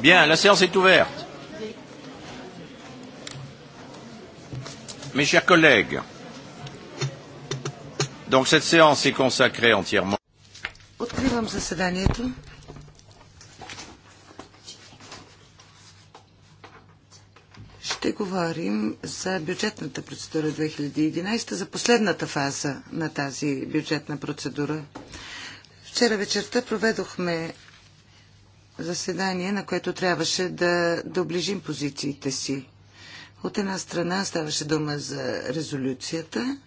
Bien, la séance est ouverte. Mes chers collègues, donc cette séance est consacrée entièrement. Ще говорим за бюджетната процедура 2011, за последната фаза на тази бюджетна процедура. Вчера вечерта проведохме заседание, на което трябваше да доближим позициите си. От една страна ставаше дума за резолюцията,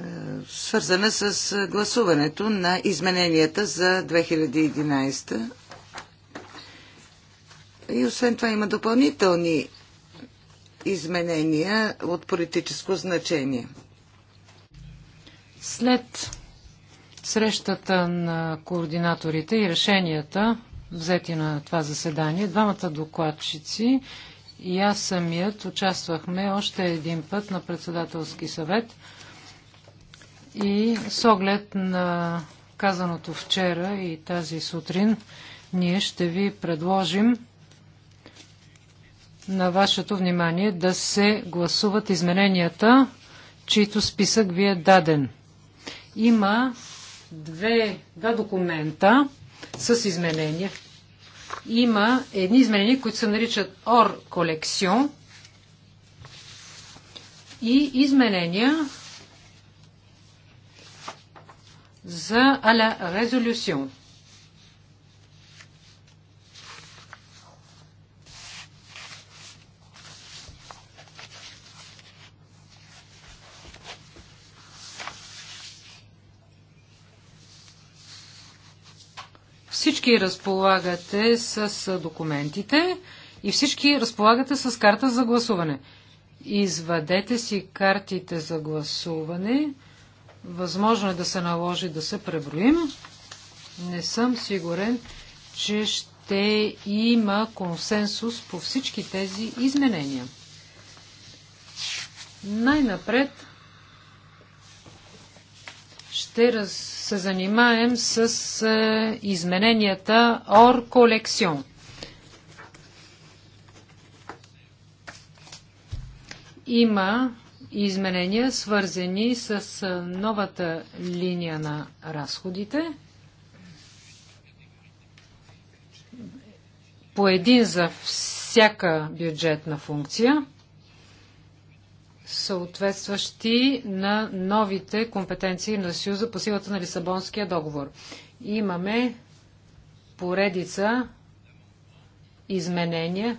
е, свързана с гласуването на измененията за 2011. И освен това има допълнителни изменения от политическо значение – след срещата на координаторите и решенията, взети на това заседание, двамата докладчици и аз самият участвахме още един път на председателски съвет и с оглед на казаното вчера и тази сутрин, ние ще ви предложим на вашето внимание да се гласуват измененията, чието списък ви е даден. Има две, два документа с изменения. Има едни изменения, които се наричат Ор Колекцион и изменения за à la résolution. Всички разполагате с документите и всички разполагате с карта за гласуване. Извадете си картите за гласуване. Възможно е да се наложи да се преброим. Не съм сигурен, че ще има консенсус по всички тези изменения. Най-напред ще раз... се занимаем с е, измененията Ор Колекцион. Има изменения, свързани с е, новата линия на разходите. По един за всяка бюджетна функция – съответстващи на новите компетенции на Съюза по силата на Лисабонския договор. Имаме поредица изменения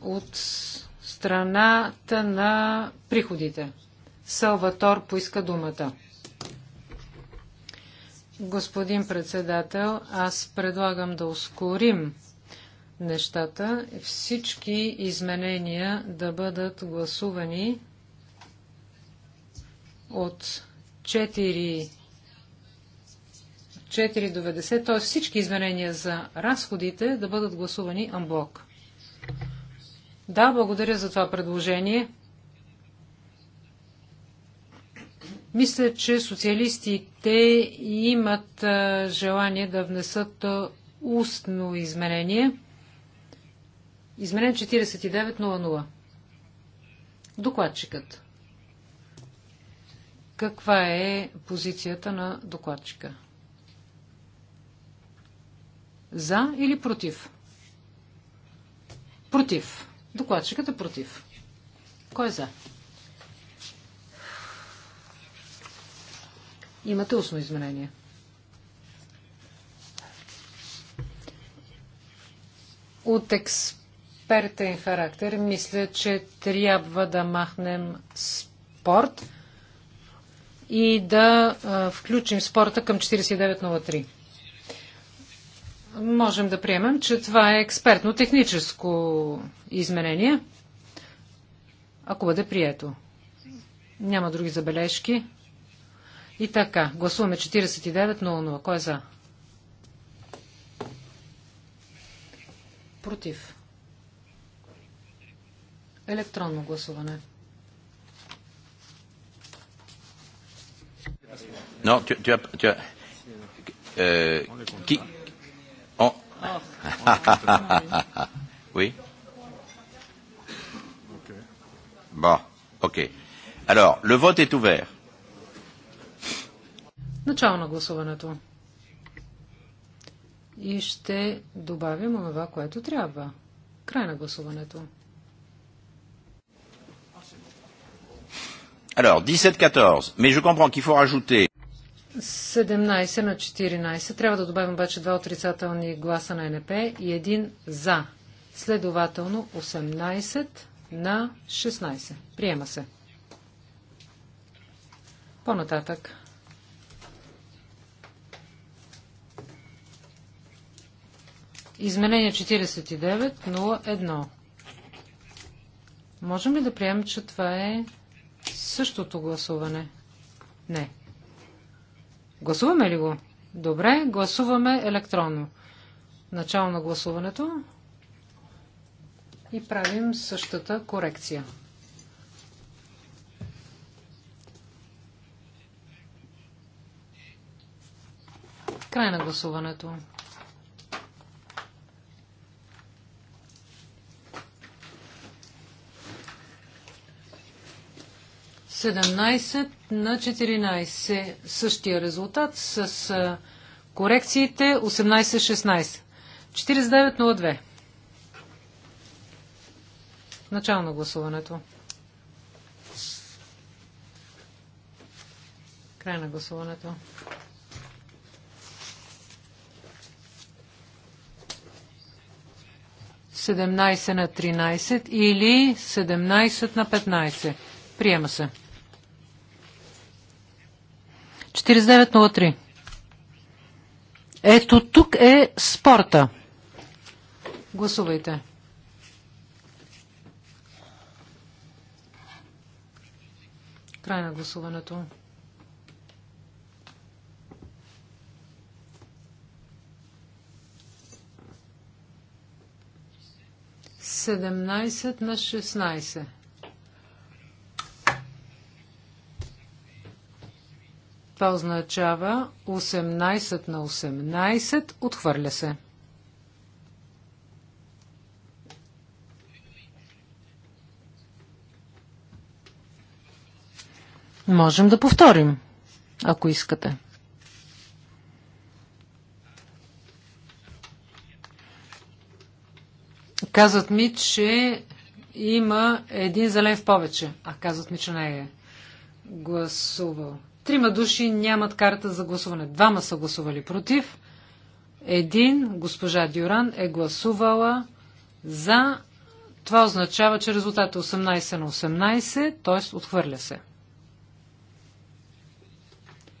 от страната на приходите. Салватор поиска думата. Господин председател, аз предлагам да ускорим нещата, всички изменения да бъдат гласувани от 4 4 до 90, т.е. всички изменения за разходите да бъдат гласувани амблок. Да, благодаря за това предложение. Мисля, че социалистите имат желание да внесат устно изменение. Изменен 4900. Докладчикът. Каква е позицията на докладчика? За или против? Против. Докладчикът е против. Кой е за? Имате устно изменение. От експертен характер мисля, че трябва да махнем спорт и да включим спорта към 4903. Можем да приемем, че това е експертно-техническо изменение, ако бъде прието. Няма други забележки. И така, гласуваме 49.00. Кой е за? Против. Електронно гласуване. Non, tu, tu as. Tu as euh, qui on... Oh. Oui Bon, ok. Alors, le vote est ouvert. Начало на гласуването. И ще добавим онова, което трябва. Край на гласуването. Alors, 17-14, mais je comprends qu'il faut rajouter... 17 на 14. Трябва да добавим обаче два отрицателни гласа на НП и един за. Следователно 18 на 16. Приема се. По-нататък. Изменение 49.01. Можем ли да приемем, че това е същото гласуване? Не. Гласуваме ли го? Добре, гласуваме електронно. Начало на гласуването и правим същата корекция. Край на гласуването. 17 на 14. Същия резултат с корекциите 18-16. 49-02. Начало на гласуването. Край на гласуването. Седемнайсет на 13 или 17 на 15. Приема се. 4903. Ето тук е спорта. Гласувайте. Край на гласуването. Седемнайсет на шестнайсет. Това означава 18 на 18 отхвърля се. Можем да повторим, ако искате. Казват ми, че има един зелен в повече. А казват ми, че не е гласувал. Трима души нямат карта за гласуване. Двама са гласували против. Един, госпожа Дюран, е гласувала за. Това означава, че резултатът е 18 на 18, т.е. отхвърля се.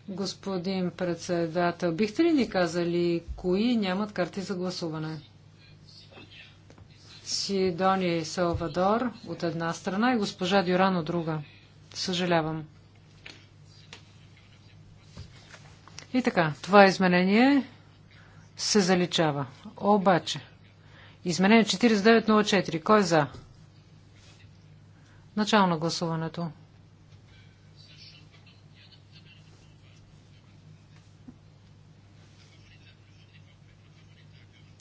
Господин председател, бихте ли ни казали кои нямат карти за гласуване? Сидония и Салвадор от една страна и госпожа Дюран от друга. Съжалявам. И така, това изменение се заличава. Обаче, изменение 4904. Кой е за? Начало на гласуването.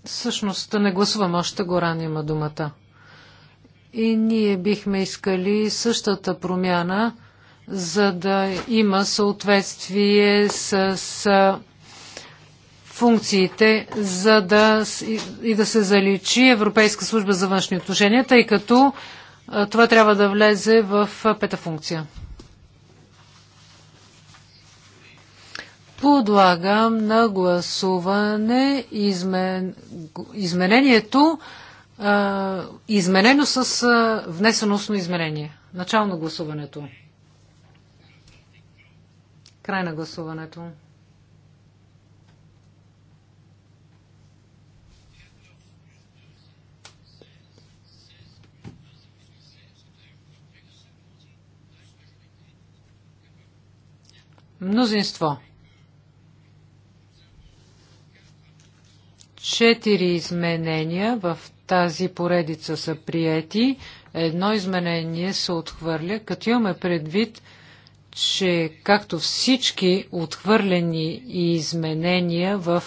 Всъщност не гласувам, още го Горан има думата. И ние бихме искали същата промяна, за да има съответствие с функциите, за да и да се заличи Европейска служба за външни отношения, тъй като това трябва да влезе в пета функция. Подлагам на гласуване измен... изменението, изменено с внесеностно изменение. Начално гласуването. Край на гласуването. Мнозинство. Четири изменения в тази поредица са приети. Едно изменение се отхвърля, като имаме предвид, че както всички отхвърлени и изменения в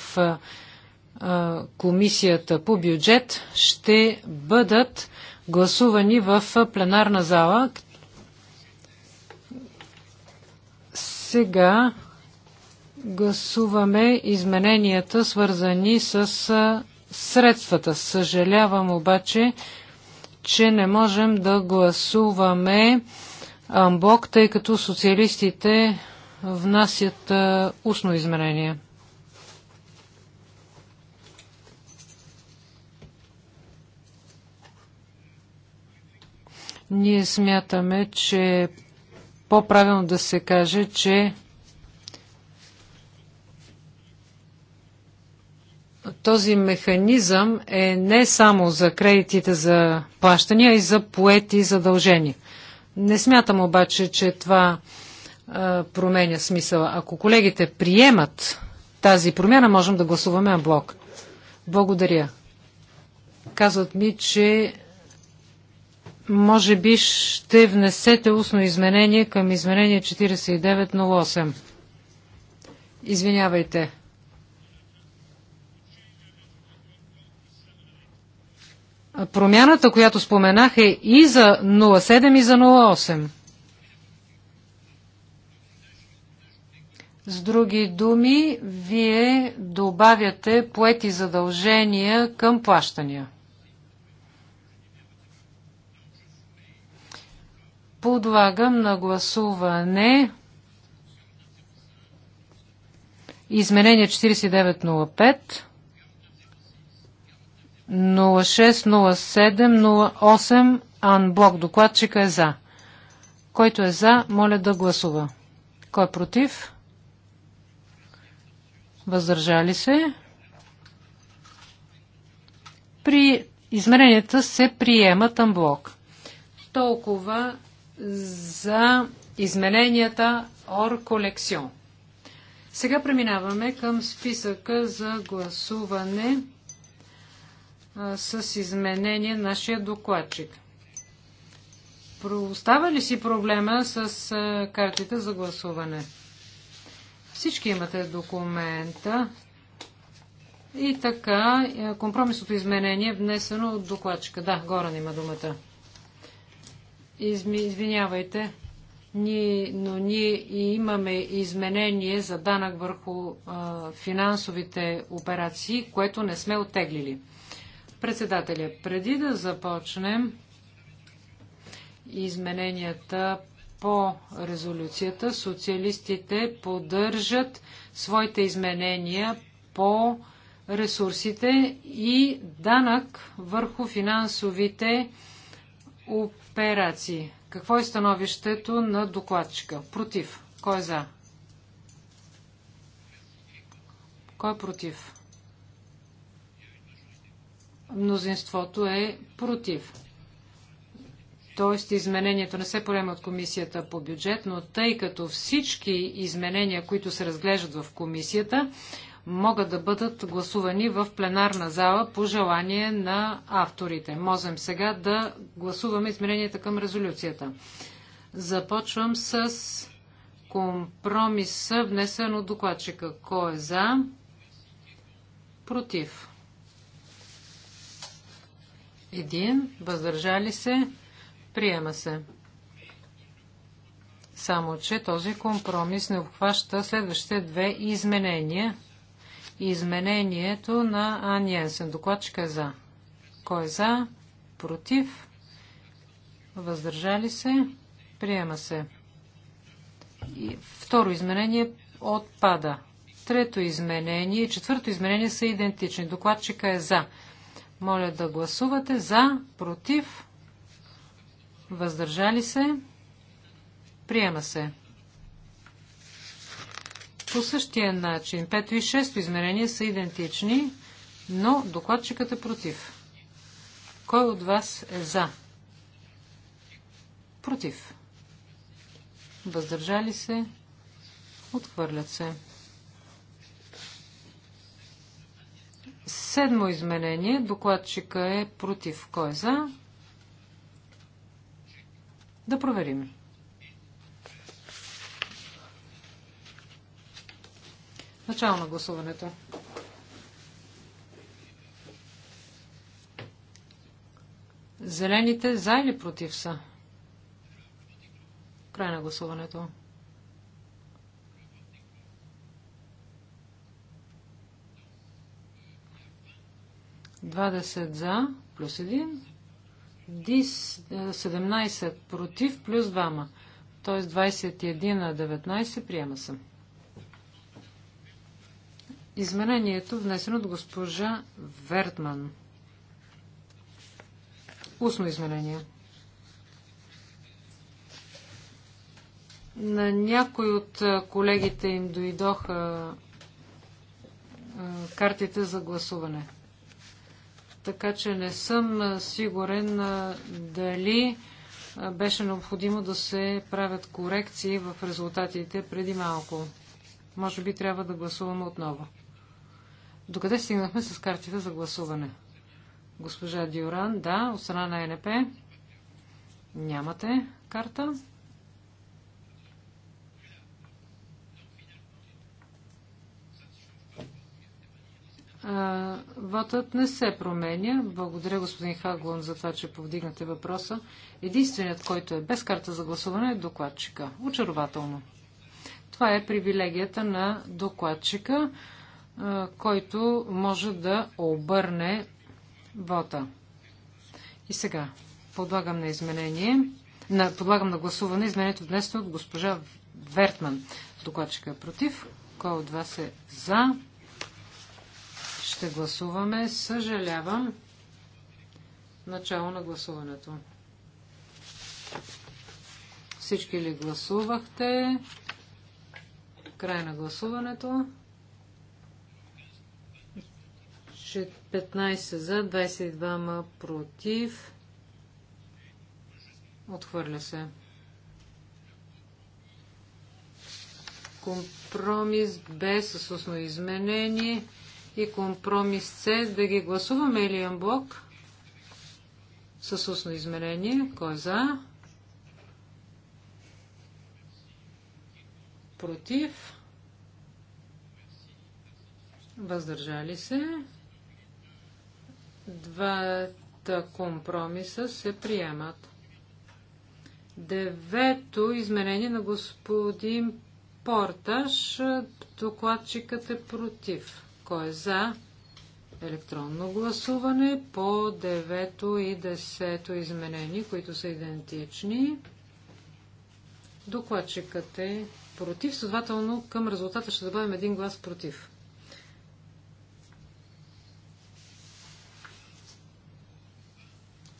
комисията по бюджет ще бъдат гласувани в пленарна зала. Сега гласуваме измененията, свързани с средствата. Съжалявам обаче, че не можем да гласуваме Амбок, тъй като социалистите внасят устно измерение. Ние смятаме, че по-правилно да се каже, че този механизъм е не само за кредитите за плащания, а и за поети задължения. Не смятам обаче, че това променя смисъла. Ако колегите приемат тази промяна, можем да гласуваме на блок. Благодаря. Казват ми, че може би ще внесете устно изменение към изменение 4908. Извинявайте. Промяната, която споменах е и за 07 и за 08. С други думи, вие добавяте поети задължения към плащания. Подлагам на гласуване изменение 4905. 06-07-08 анблок. Докладчика е за. Който е за, моля да гласува. Кой е против? Въздържали се? При измеренията се приемат анблок. Толкова за измененията Ор колекцион. Сега преминаваме към списъка за гласуване с изменение нашия докладчик. Остава ли си проблема с картите за гласуване? Всички имате документа. И така, компромисното изменение е внесено от докладчика. Да, Горан има думата. извинявайте, но ние имаме изменение за данък върху финансовите операции, което не сме оттеглили. Председателя, преди да започнем измененията по резолюцията, социалистите поддържат своите изменения по ресурсите и данък върху финансовите операции. Какво е становището на докладчика? Против. Кой е за? Кой е против? мнозинството е против. Тоест изменението не се поема от комисията по бюджет, но тъй като всички изменения, които се разглеждат в комисията, могат да бъдат гласувани в пленарна зала по желание на авторите. Можем сега да гласуваме измененията към резолюцията. Започвам с компромиса, внесен от докладчика. Кой е за? Против. Един, Въздържали се. Приема се. Само, че този компромис не обхваща следващите две изменения. Изменението на Ан Йенсен. Докладчика е за. Кой е за? Против? Въздържали се? Приема се. И второ изменение отпада. Трето изменение и четвърто изменение са идентични. Докладчика е за. Моля да гласувате за, против, въздържали се, приема се. По същия начин, пето и шесто измерение са идентични, но докладчикът е против. Кой от вас е за? Против. Въздържали се, отхвърлят се. Седмо изменение. Докладчика е против. Кой е за? Да проверим. Начало на гласуването. Зелените за или против са? Край на гласуването. 20 за, плюс 1. Дис 17 е, против, плюс 2. Т.е. 21 на 19 приема се. Изменението внесено от госпожа Вертман. Устно изменение. На някой от е, колегите им дойдоха е, картите за гласуване така че не съм сигурен дали беше необходимо да се правят корекции в резултатите преди малко. Може би трябва да гласуваме отново. Докъде стигнахме с картите за гласуване? Госпожа Дюран, да, от страна на е НП. Нямате карта. Вотът не се променя. Благодаря, господин Хаглон, за това, че повдигнате въпроса. Единственият, който е без карта за гласуване, е докладчика. Очарователно. Това е привилегията на докладчика, който може да обърне вота. И сега подлагам на изменение, на, подлагам на гласуване изменението днес от госпожа Вертман. Докладчика е против. Кой от вас е за? Ще гласуваме. Съжалявам. Начало на гласуването. Всички ли гласувахте? Край на гласуването. 15 за, 22 ма против. Отхвърля се. Компромис без с основно изменение и компромис С. Да ги гласуваме или блок. с устно измерение. Кой е за? Против? Въздържали се? Двата компромиса се приемат. Девето измерение на господин Порташ. Докладчикът е против. Кой е за? Електронно гласуване по 9 и 10 изменени, които са идентични. Докладчикът е против, следователно към резултата ще добавим един глас против.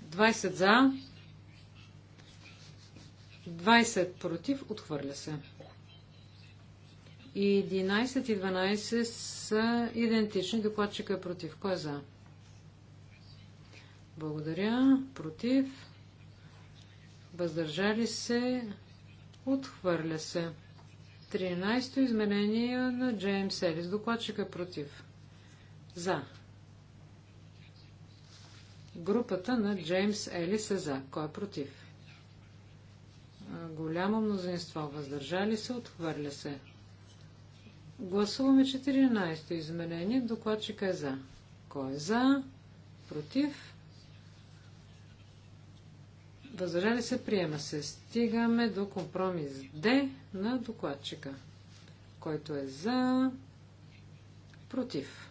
Двайсет за, 20 против, отхвърля се. И 11 и 12 са идентични. Докладчика е против. Кой е за? Благодаря. Против. Въздържали се. Отхвърля се. 13-то изменение на Джеймс Елис. Докладчика е против. За. Групата на Джеймс Елис е за. Кой е против? Голямо мнозинство. Въздържали се. Отхвърля се. Гласуваме 14-то изменение. Докладчика е за. Кой е за? Против? Въздържали се, приема се. Стигаме до компромис Д на докладчика, който е за, против.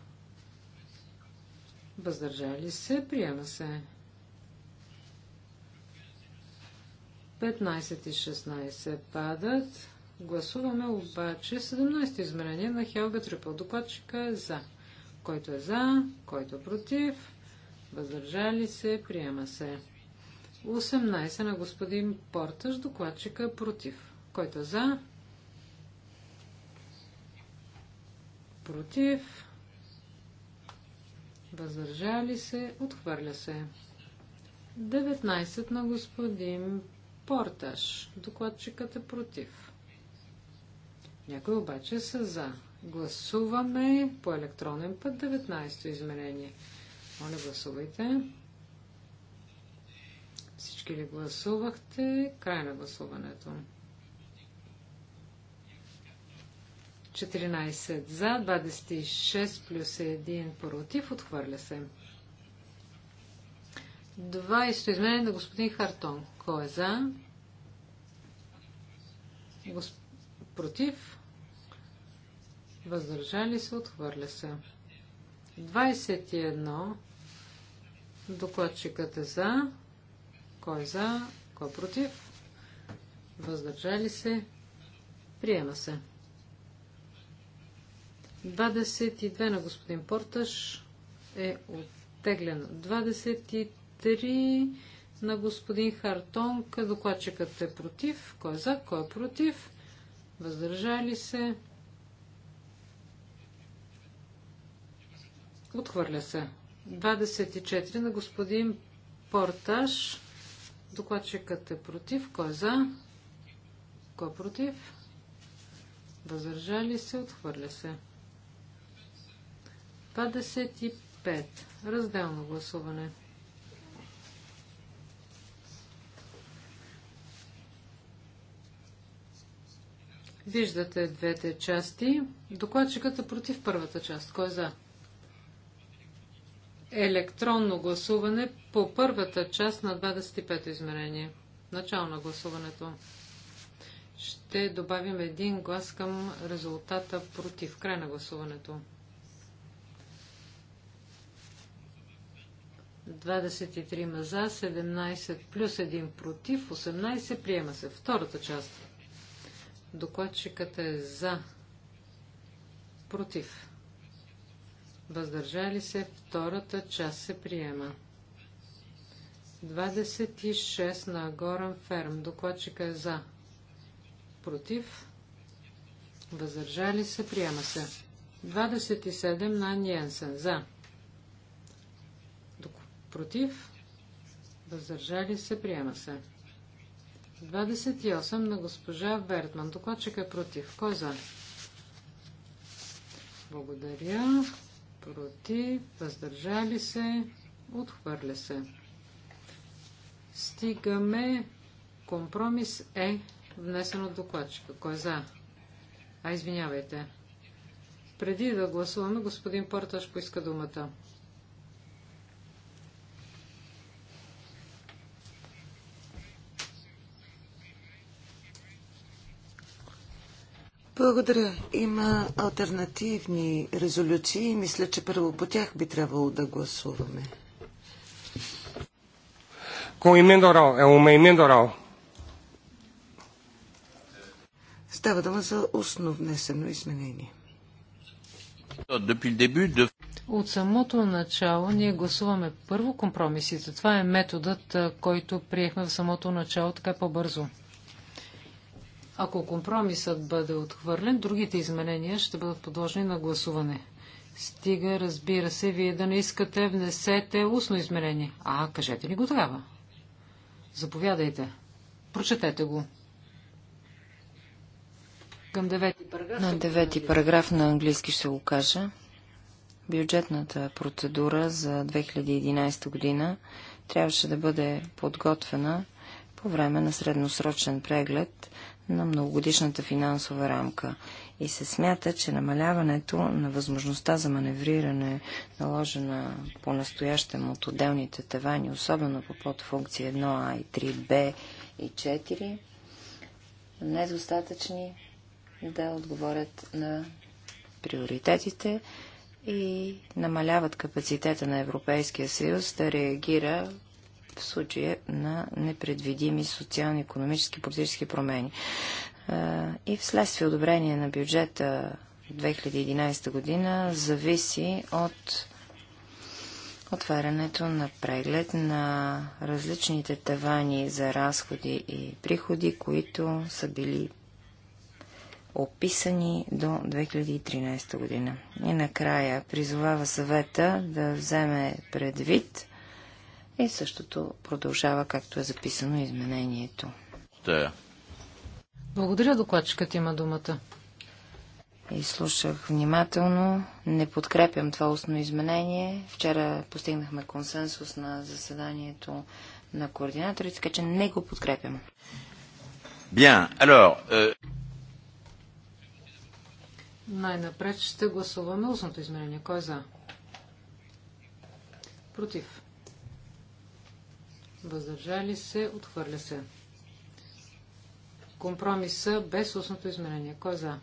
Въздържали се, приема се. 15 и 16 падат. Гласуваме обаче 17-то изменение на Хелга Трипл. Докладчика е за. Който е за, който е против, въздържали се, приема се. 18 на господин Порташ, докладчика е против. Който е за, против, въздържали се, отхвърля се. 19 на господин Порташ, докладчикът е против. Някои обаче са за. Гласуваме по електронен път 19-то изменение. Моля, гласувайте. Всички ли гласувахте? Край на гласуването. 14 за, 26 плюс 1 против. Отхвърля се. 20 изменение на господин Хартон. Кой е за? Господин против, въздържали се, отхвърля се. 21. Докладчикът е за. Кой е за? Кой е против? Въздържали се. Приема се. 22 на господин Порташ е оттеглен. 23 на господин Хартонг. Докладчикът е против. Кой е за? Кой е против? въздържали се, отхвърля се. 24 на господин Порташ. Докладчикът е против. Кой е за? Кой е против? Въздържали се, отхвърля се. 25. Разделно гласуване. Виждате двете части. Докладчикът е против първата част. Кой е за? Електронно гласуване по първата част на 25-то измерение. Начало на гласуването. Ще добавим един глас към резултата против. Край на гласуването. 23 за, 17 плюс 1 против, 18 приема се. Втората част. Докладчикът е за. Против. Въздържали се. Втората част се приема. 26 на Горан Ферм. Докладчика е за. Против. Въздържали се. Приема се. 27 на Ниенсен. За. Против. Въздържали се. Приема се. 28 на госпожа Бертман. Докладчик е против. Кой е за? Благодаря. Против. Въздържали се. Отхвърля се. Стигаме. Компромис е внесен от докладчика. Кой е за? А, извинявайте. Преди да гласуваме, господин Порташ поиска думата. Благодаря. Има альтернативни резолюции и мисля, че първо по тях би трябвало да гласуваме. Eh, Става дума за устно внесено изменение. От самото начало ние гласуваме първо компромисите. Това е методът, който приехме в самото начало така по-бързо. Ако компромисът бъде отхвърлен, другите изменения ще бъдат подложени на гласуване. Стига, разбира се, вие да не искате, внесете устно изменение. А, кажете ни го тогава. Заповядайте. Прочетете го. Към девети параграф. На девети параграф на английски ще го кажа. Бюджетната процедура за 2011 година трябваше да бъде подготвена по време на средносрочен преглед на многогодишната финансова рамка и се смята, че намаляването на възможността за маневриране, наложена по-настоящем от отделните тавани, особено по подфункции 1А и 3Б и 4, недостатъчни е да отговорят на приоритетите и намаляват капацитета на Европейския съюз да реагира в случая на непредвидими социално-економически и политически промени. И вследствие одобрение на бюджета 2011 година зависи от отварянето на преглед на различните тавани за разходи и приходи, които са били описани до 2013 година. И накрая призовава съвета да вземе предвид и е, същото продължава, както е записано изменението. Да. Благодаря, докладчикът има думата. И слушах внимателно. Не подкрепям това устно изменение. Вчера постигнахме консенсус на заседанието на координаторите, така че не го подкрепям. Bien, alors, euh... Най-напред ще гласуваме устното изменение. Кой е за? Против въздържали се, отхвърля се. Компромиса без устното изменение. Кой е за?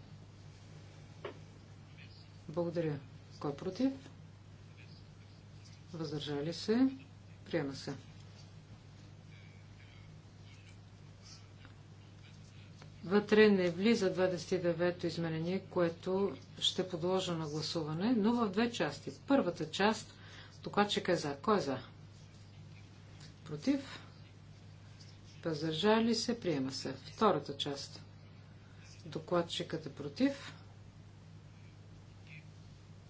Благодаря. Кой е против? Въздържали се. Приема се. Вътре не влиза 29-то изменение, което ще подложа на гласуване, но в две части. Първата част, докладчик е за. Кой е за? против, въздържали се, приема се. Втората част. Докладчикът е против.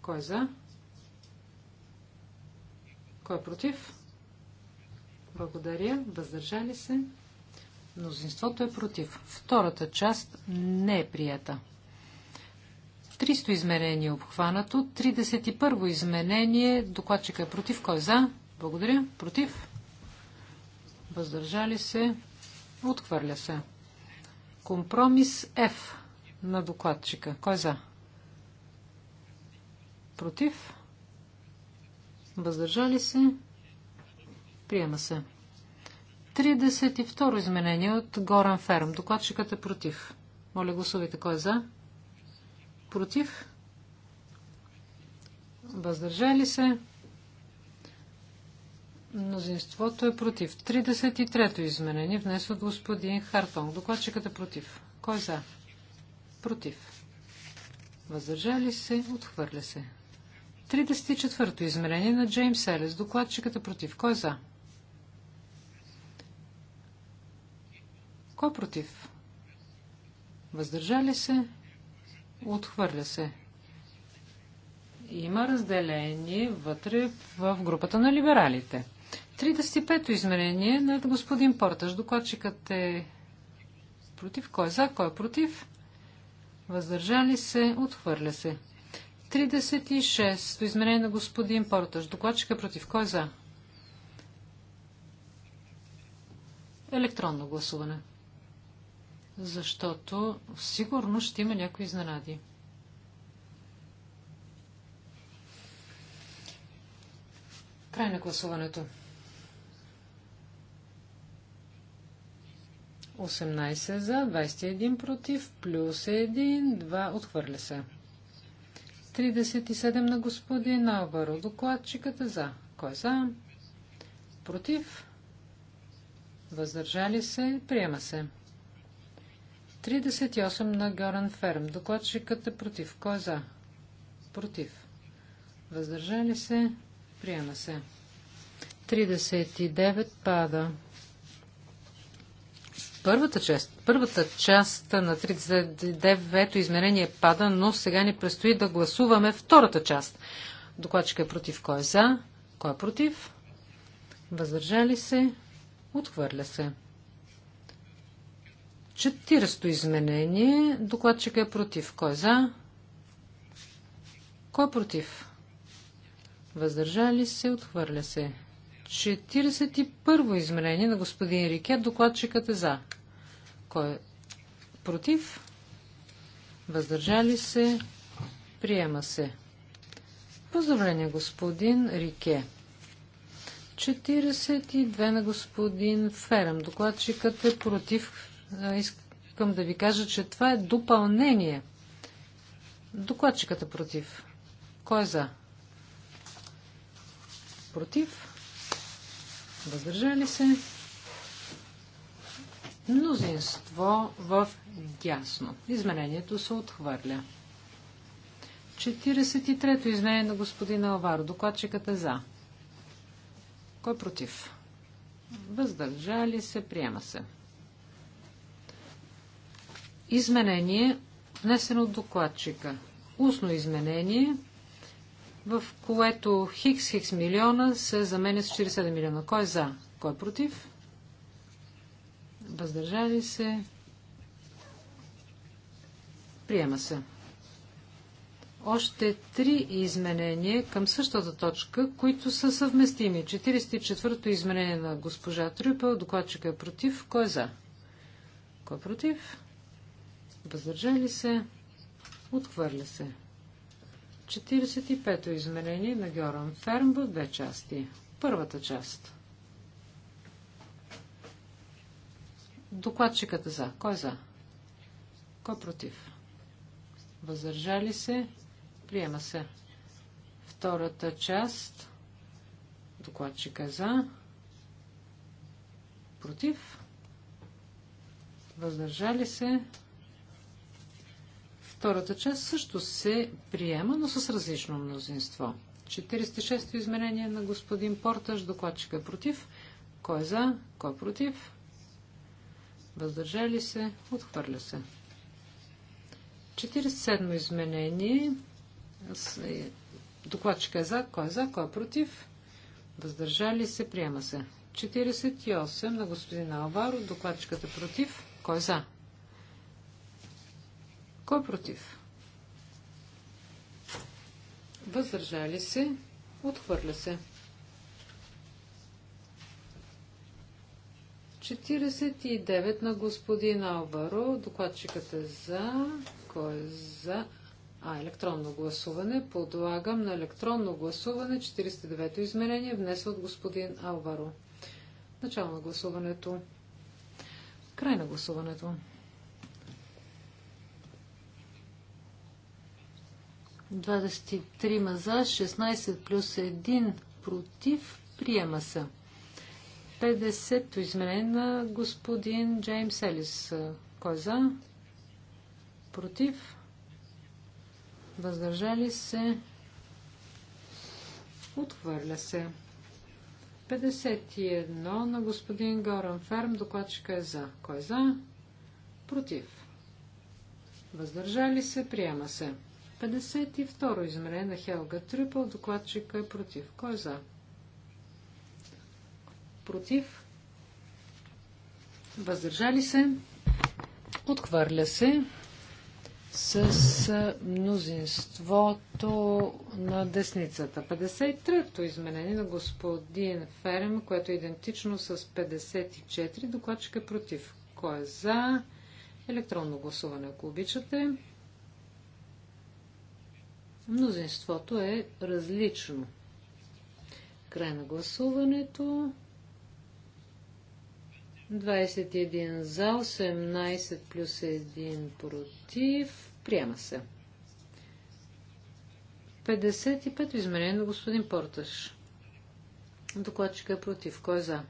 Кой е за? Кой е против? Благодаря. Въздържали се. Мнозинството е против. Втората част не е прията. 300 изменение е обхванато. 31 изменение. Докладчика е против. Кой е за? Благодаря. Против въздържали се, отхвърля се. Компромис F на докладчика. Кой за? Против? Въздържали се? Приема се. 32 изменение от Горан Ферм. Докладчикът е против. Моля гласувайте кой е за. Против? Въздържали се? Мнозинството е против. 33-то изменение внес от господин Хартон. Докладчикът е против. Кой за? Против. Въздържали се, отхвърля се. 34-то измерение на Джеймс Елес. Докладчикът е против. Кой е за? Кой е против? Въздържали се? Отхвърля се. Има разделение вътре в групата на либералите. 35-то измерение на господин Порташ. Докладчикът е против. Кой е за? Кой е против? Въздържали се? Отхвърля се. 36-то изменение на господин Порташ. Докладчикът е против. Кой е за? Електронно гласуване. Защото сигурно ще има някои изненади. Край на гласуването. 18 за, 21 против, плюс 1, 2 отхвърля се. 37 на господин Алваро. Докладчикът е за. Кой е за? Против? Въздържали се? Приема се. 38 на Горан Ферм. Докладчикът е против. Кой е за? Против. Въздържали се? Приема се. 39 пада. Първата част, първата част на 39-то измерение пада, но сега ни предстои да гласуваме втората част. Докладчик е против. Кой е за? Кой е против? Въздържали се? Отхвърля се. 40-то изменение. Докладчик е против. Кой е за? Кой е против? Въздържали се? Отхвърля се. 41-во измерение на господин Рике. Докладчикът е за. Кой е против? Въздържали се? Приема се. Поздравление, господин Рике. 42 на господин Ферем. Докладчикът е против. Искам да ви кажа, че това е допълнение. Докладчикът е против. Кой е за? Против? въздържали се. Мнозинство в дясно. Изменението се отхвърля. 43-то изменение на господина Алваро. Докладчикът е за. Кой е против? Въздържали се, приема се. Изменение, внесено от докладчика. Устно изменение – в което хикс, хикс милиона се заменя с 47 милиона. Кой е за? Кой е против? Въздържали се? Приема се. Още три изменения към същата точка, които са съвместими. 44-то изменение на госпожа Трюпел, докладчика е против. Кой е за? Кой е против? Въздържали се? Отхвърля се. 45-то изменение на Георан Ферм в две части. Първата част. Докладчикът е за. Кой е за? Кой е против? Въздържали се? Приема се. Втората част. Докладчика е за. Против? Въздържали се? Втората част също се приема, но с различно мнозинство. 46-то изменение на господин Порташ, докладчика е против. Кой е за? Кой е против? Въздържали се? Отхвърля се. 47-то изменение. Е, докладчика е за. Кой е за? Кой е против? Въздържали се? Приема се. 48 на господин Алваро. Докладчиката е против. Кой е за? Кой е против? Въздържали се. Отхвърля се. 49 на господин Алваро. Докладчикът е за. Кой е за? А, електронно гласуване. Подлагам на електронно гласуване 49-то измерение, внесе от господин Алваро. Начало на гласуването. Край на гласуването. 23 за, 16 плюс 1 против. Приема се. 50-то изменение на господин Джеймс Елис. Кой е за? Против? Въздържали се? Отхвърля се. 51 на господин Горан Ферм. Докладчика е за. Кой е за? Против. Въздържали се? Приема се. 52 измерение на Хелга Трюпел. Докладчика е против. Кой е за? Против. Въздържали се. Отхвърля се с мнозинството на десницата. 53-то изменение на господин Ферем, което е идентично с 54. Докладчик е против. Кой е за? Електронно гласуване, ако обичате. Мнозинството е различно. Край на гласуването. 21 за, 18 плюс 1 против. Приема се. 55 изменение на господин Порташ. Докладчика е против. Кой е за?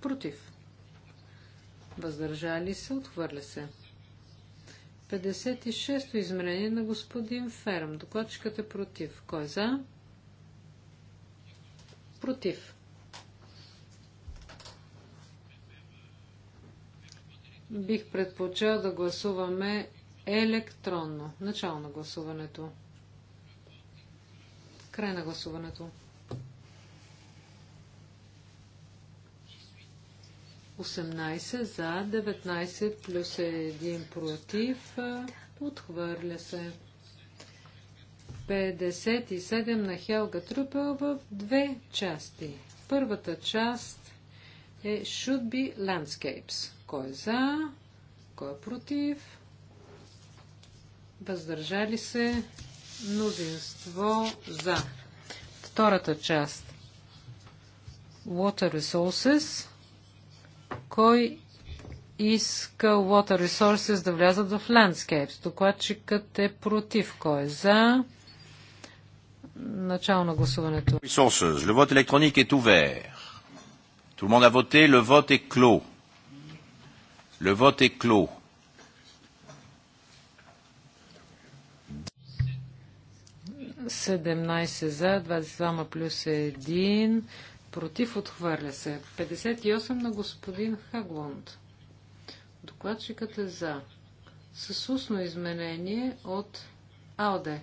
Против. Въздържали се, отхвърля се. 56-то измерение на господин Ферм. Докладчикът е против. Кой е за? Против. Бих предпочел да гласуваме електронно. Начало на гласуването. Край на гласуването. 18 за, 19 плюс 1 против. Отхвърля се. 57 на Хелга Трупел в две части. Първата част е Should be Landscapes. Кой е за? Кой е против? Въздържали се мнозинство за. Втората част Water Resources кой иска Water Resources да влязат в Landscapes? Докладчикът е против. Кой е за? Начало на гласуването. Resources. Le vote électronique est ouvert. Tout le monde a voté. Le vote est clos. Le vote est clos. 17 за, 22 плюс един. Против отхвърля се. 58 на господин Хаглунд. Докладчикът е за. С устно изменение от АОДЕ.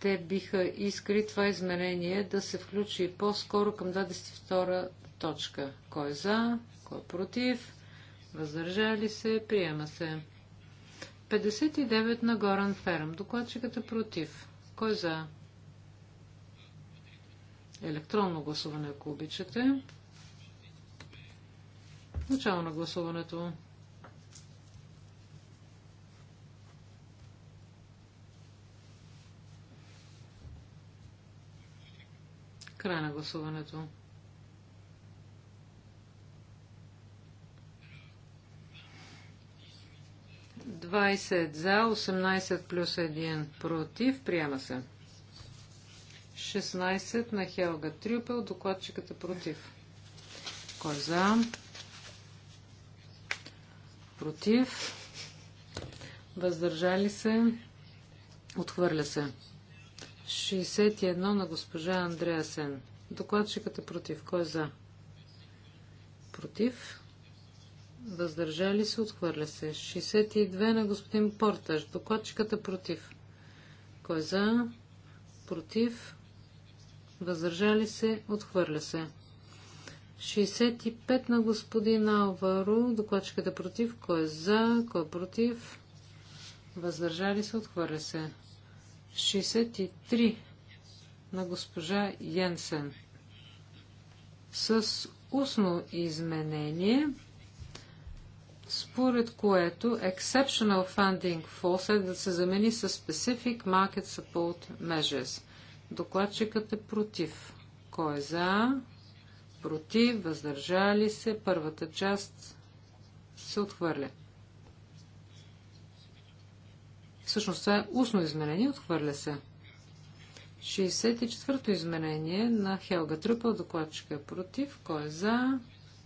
Те биха искали това изменение да се включи по-скоро към 22 точка. Кой е за, кой е против, въздържали се, приема се. 59 на Горан Ферм. Докладчикът е против. Кой е за? електронно гласуване, ако обичате. Начало на гласуването. Край на гласуването. Двадесет за, 18 плюс 1 против. Приема се. 16 на Хелга Трюпел. Докладчиката против. Кой за? Против. Въздържали се. Отхвърля се. 61 на госпожа Сен. Докладчиката против. Кой за? Против. Въздържали се. Отхвърля се. 62 на господин Портаж. Докладчиката против. Кой за? Против въздържали се, отхвърля се. 65 на господин Алваро, докладчиката е против, кой е за, кой е против, въздържали се, отхвърля се. 63 на госпожа Йенсен с устно изменение, според което Exceptional Funding Fall следва да се замени с Specific Market Support Measures – Докладчикът е против. Кой е за? Против, въздържали се. Първата част се отхвърля. Всъщност това е устно изменение, отхвърля се. 64-то изменение на Хелга Трюпел, докладчика е против. Кой е за?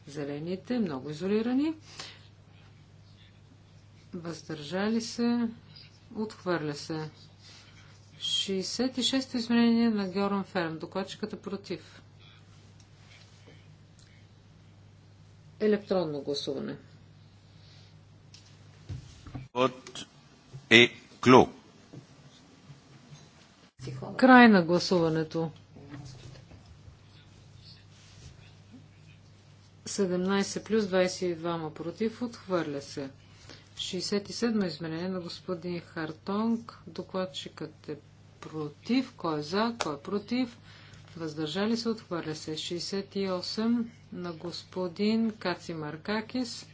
Зелените, много изолирани. Въздържали се, отхвърля се. 66-то изменение на Георан Ферм. Докладчиката е против. Електронно гласуване. От е клю. Край на гласуването. 17 плюс 22 против. Отхвърля се. 67 изменение на господин Хартонг. Докладчикът е против, кой е за, кой е против, въздържали се, отхвърля се. 68 на господин Каци Маркакис.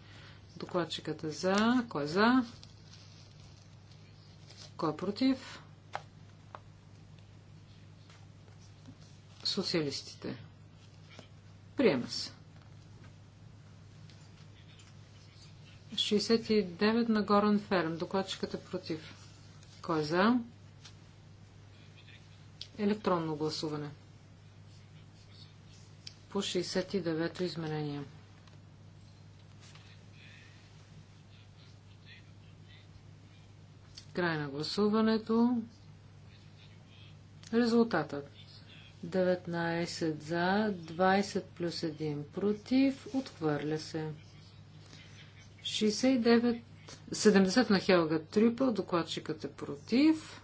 Докладчикът е за, кой е за, кой е против. Социалистите. Приема се. 69 на Горан Ферм. Докладчикът е против. Кой е за? Електронно гласуване. По 69-то изменение. Край на гласуването. Резултатът. 19 за, 20 плюс 1 против, отхвърля се. 69, 70 на Хелга Трипъл, докладчикът е против.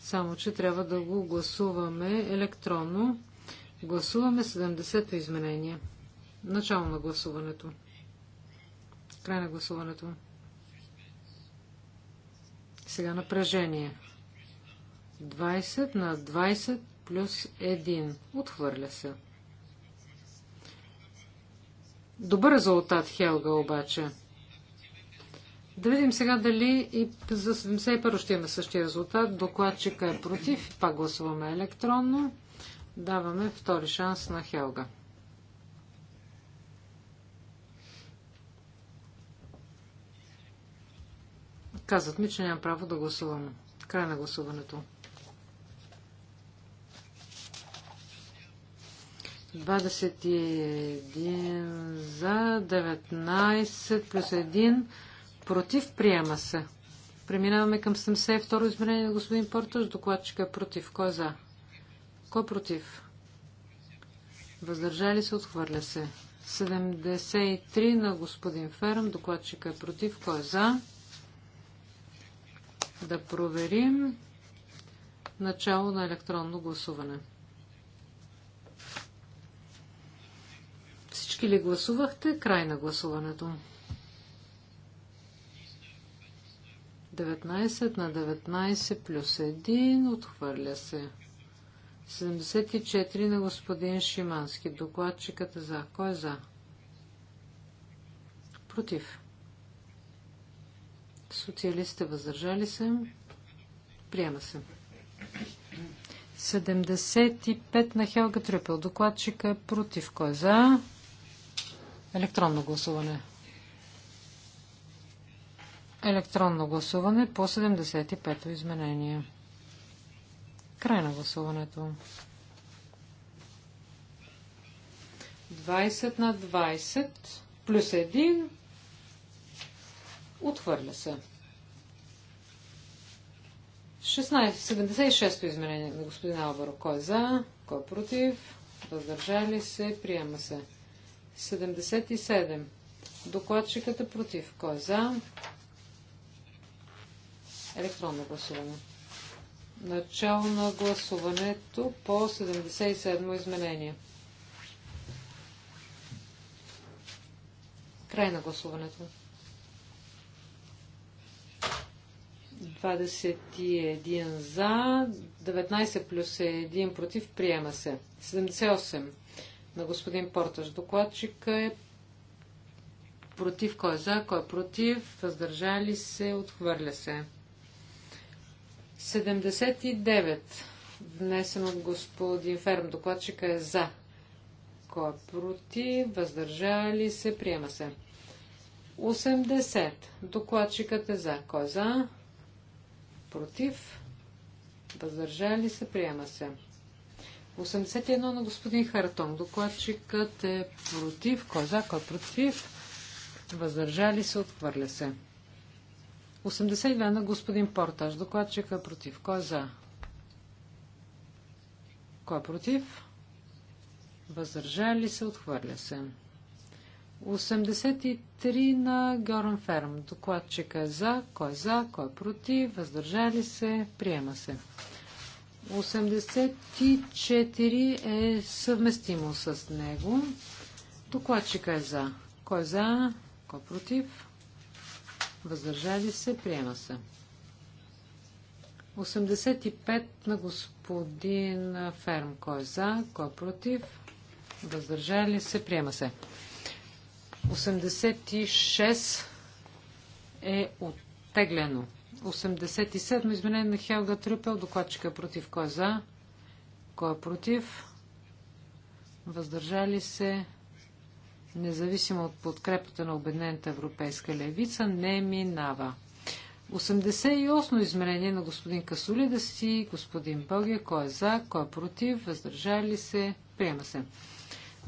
Само, че трябва да го гласуваме електронно. Гласуваме 70-то изменение. Начало на гласуването. Край на гласуването. Сега напрежение. 20 на 20 плюс 1. Отхвърля се. Добър резултат, Хелга, обаче. Да видим сега дали и за 71 ще имаме същия резултат. Докладчика е против. Пак гласуваме електронно. Даваме втори шанс на Хелга. Казват ми, че нямам право да гласувам. Край на гласуването. 21 за 19 плюс 1 Против. Приема се. Преминаваме към 72-ро измерение на господин Портош. Докладчика е против. Кой е за? Кой е против? Въздържали се. Отхвърля се. 73 на господин Ферм. Докладчика е против. Кой е за? Да проверим начало на електронно гласуване. Всички ли гласувахте? Край на гласуването. 19 на 19 плюс 1 отхвърля се. 74 на господин Шимански. Докладчикът е за. Кой е за? Против. Социалистите въздържали се. Приема се. 75 на Хелга Трюпел. Докладчика е против. Кой е за? Електронно гласуване. Електронно гласуване по 75-то изменение. Край на гласуването. 20 на 20 плюс 1 отхвърля се. 76-то изменение на господин Албаро. Кой е за, кой е против, въздържали се, приема се. 77. Докладчиката е против. Кой е за, Електронно гласуване. Начало на гласуването по 77 изменение. Край на гласуването. 21 за, 19 плюс 1 против, приема се. 78 на господин Порташ. Докладчика е против, кой е за, кой е против, въздържали се, отхвърля се. 79, внесен от господин Ферм, докладчика е за. Кой е против? Въздържали се? Приема се. 80. Докладчикът е за. Кой е за? Против? Въздържали се? Приема се. 81 на господин Хартон. Докладчикът е против. Кой е за? Кой е против? Въздържали се? Отхвърля се. 82 на господин Портаж. Докладчика е против. Кой е за? Кой е против? Въздържали се, отхвърля се. 83 на Горен Ферм. Докладчика е за, кой е за, кой е против, въздържали се, приема се. 84 е съвместимо с него. Докладчика е за. Кой е за, кой е против, въздържали се, приема се. 85 на господин Ферм. Кой е за, кой е против, въздържали се, приема се. 86 е оттеглено. 87 изменение на Хелга Трюпел. Докладчика е против. Кой е за? Кой е против? Въздържали се? независимо от подкрепата на Обединената европейска левица, не минава. 88 измерение на господин да си, господин Бългия. Кой е за, кой е против, въздържали се, приема се.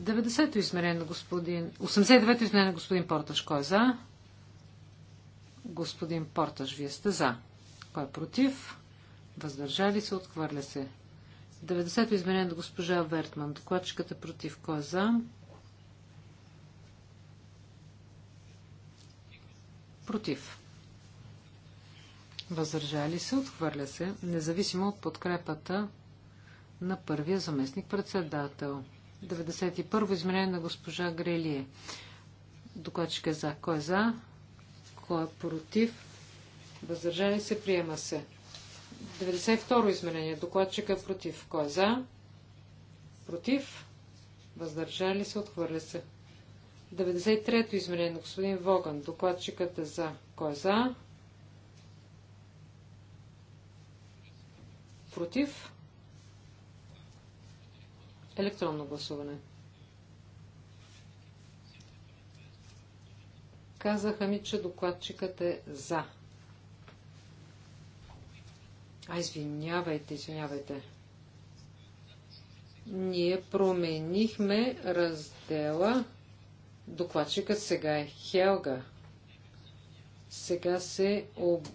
90-то измерение на господин... 89-то измерение на господин Порташ. Кой е за? Господин Порташ, вие сте за. Кой е против? Въздържали се, отхвърля се. 90-то измерение на госпожа Вертман. Докладчиката е против. Кой е за? против. Въздържали се, отхвърля се, независимо от подкрепата на първия заместник председател. 91 изменение на госпожа Грелие. Докладчик е за. Кой е за? Кой е против? Въздържали се, приема се. 92 изменение. Докладчик е против. Кой е за? Против? Въздържали се, отхвърля се. 93-то изменение на господин Воган. Докладчикът е за. Кой е за? Против? Електронно гласуване. Казаха ми, че докладчикът е за. А, извинявайте, извинявайте. Ние променихме раздела Докладчикът сега е Хелга. Сега се... Об...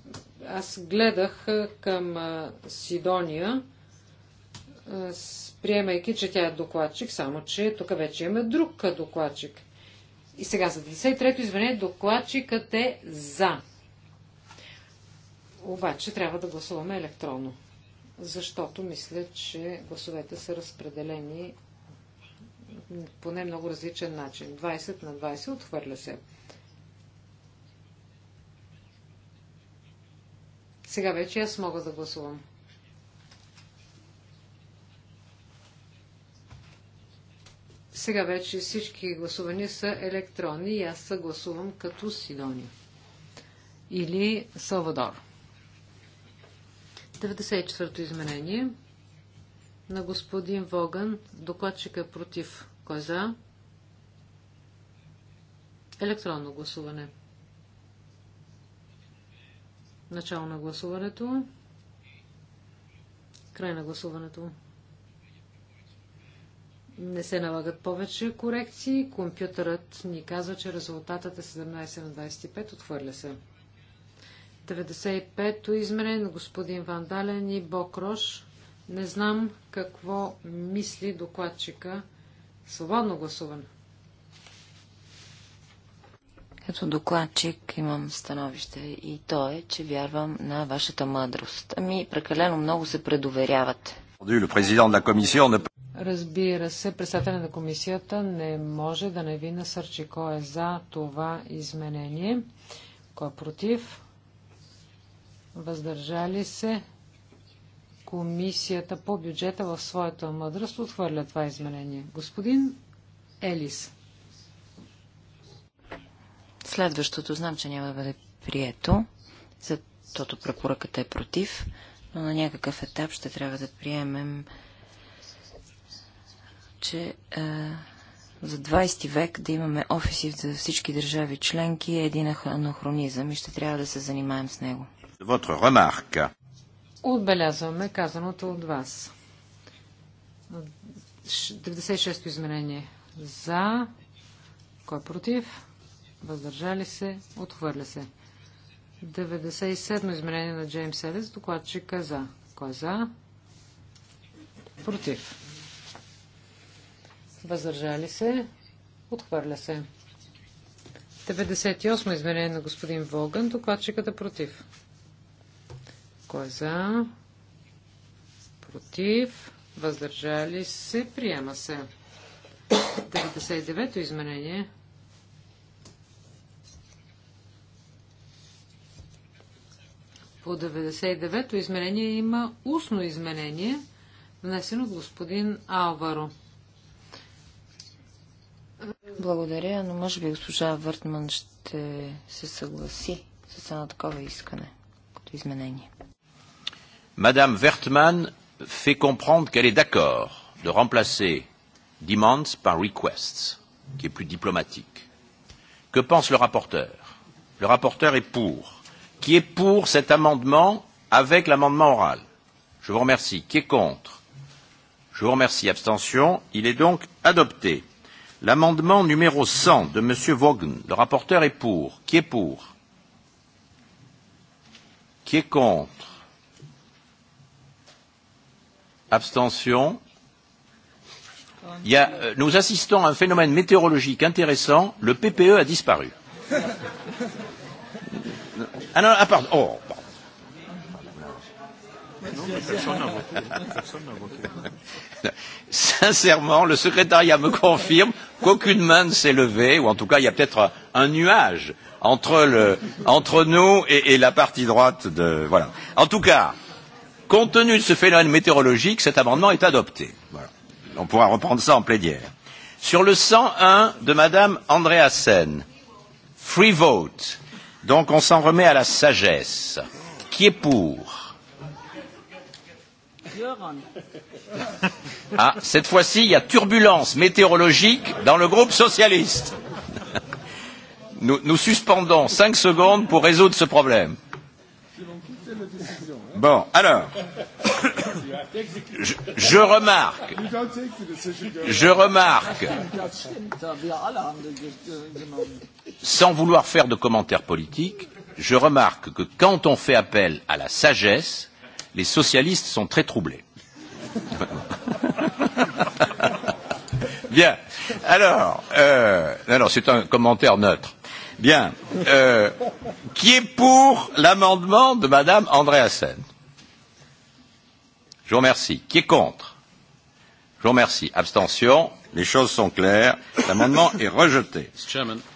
Аз гледах към Сидония, приемайки, че тя е докладчик, само че тук вече имаме друг докладчик. И сега за 93-то извинение докладчикът е за. Обаче трябва да гласуваме електронно, защото мисля, че гласовете са разпределени по не много различен начин. 20 на 20 отхвърля се. Сега вече аз мога да гласувам. Сега вече всички гласувания са електронни и аз съгласувам като Сидони. Или Салвадор. 94-то изменение на господин Воган. Докладчик е против. Кой за? Електронно гласуване. Начало на гласуването. Край на гласуването. Не се налагат повече корекции. Компютърът ни казва, че резултатът е 17 на 25. Отхвърля се. 95-то измерен господин Вандален и Бокрош. Не знам какво мисли докладчика. Свободно гласуване. Като докладчик имам становище и то е, че вярвам на вашата мъдрост. Ами, прекалено много се предоверявате. Разбира се, председателя на комисията не може да не ви насърчи кой е за това изменение, кой е против, въздържали се, Комисията по бюджета в своята мъдрост отхвърля това изменение. Господин Елис. Следващото знам, че няма да бъде прието, защото препоръката е против, но на някакъв етап ще трябва да приемем, че е, за 20 век да имаме офиси за всички държави членки е един анахронизъм и ще трябва да се занимаем с него. Вътре ремарка. Отбелязваме казаното от вас. 96-то изменение. За. Кой е против? Въздържали се. Отхвърля се. 97-то изменение на Джеймс Елес. Докладчика за. Кой е за? Против. Въздържали се. Отхвърля се. 98 изменение на господин Волган. Докладчикът е против. Кой е за? Против. Въздържали се. Приема се. 99-то изменение. По 99-то изменение има устно изменение, внесено от господин Алваро. Благодаря, но може би госпожа Въртман ще се съгласи с едно такова искане като изменение. Madame Wertmann fait comprendre qu'elle est d'accord de remplacer demands par requests, qui est plus diplomatique. Que pense le rapporteur Le rapporteur est pour. Qui est pour cet amendement avec l'amendement oral Je vous remercie. Qui est contre Je vous remercie. Abstention. Il est donc adopté. L'amendement numéro 100 de M. Vaughan, le rapporteur est pour. Qui est pour Qui est contre Abstention. Il y a, euh, nous assistons à un phénomène météorologique intéressant. Le PPE a disparu. Ah non, ah pardon. Oh, pardon. Sincèrement, le secrétariat me confirme qu'aucune main ne s'est levée, ou en tout cas, il y a peut-être un nuage entre, le, entre nous et, et la partie droite de. Voilà. En tout cas, euh, Compte tenu de ce phénomène météorologique, cet amendement est adopté. Voilà. On pourra reprendre ça en plénière. Sur le 101 de Madame Andreasen, free vote. Donc on s'en remet à la sagesse. Qui est pour Ah, cette fois-ci, il y a turbulence météorologique dans le groupe socialiste. Nous, nous suspendons cinq secondes pour résoudre ce problème. Bon, alors, je, je remarque, je remarque, sans vouloir faire de commentaires politiques, je remarque que quand on fait appel à la sagesse, les socialistes sont très troublés. Bien. Alors, euh, alors c'est un commentaire neutre. Bien. Euh, qui est pour l'amendement de Madame Andreasen? Je vous remercie. Qui est contre Je vous remercie. Abstention. Les choses sont claires. L'amendement est rejeté.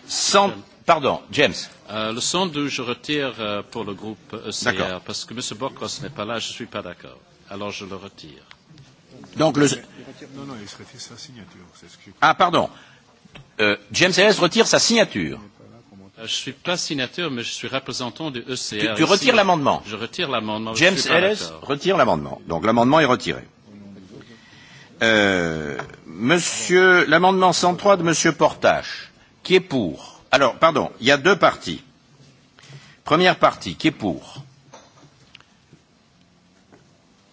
Cent... Pardon, James. Euh, le 102, je retire euh, pour le groupe ECR parce que M. Borcos n'est pas là, je ne suis pas d'accord. Alors je le retire. Donc le... Non, non, il se retire sa signature. Ah, pardon. Euh, James Ellis retire sa signature. Je ne suis pas signateur, mais je suis représentant du ECR. Tu, tu retires l'amendement Je retire l'amendement. James Ellis retire l'amendement. Donc l'amendement est retiré. Euh, monsieur, l'amendement 103 de Monsieur Portache, qui est pour Alors, pardon, il y a deux parties. Première partie, qui est pour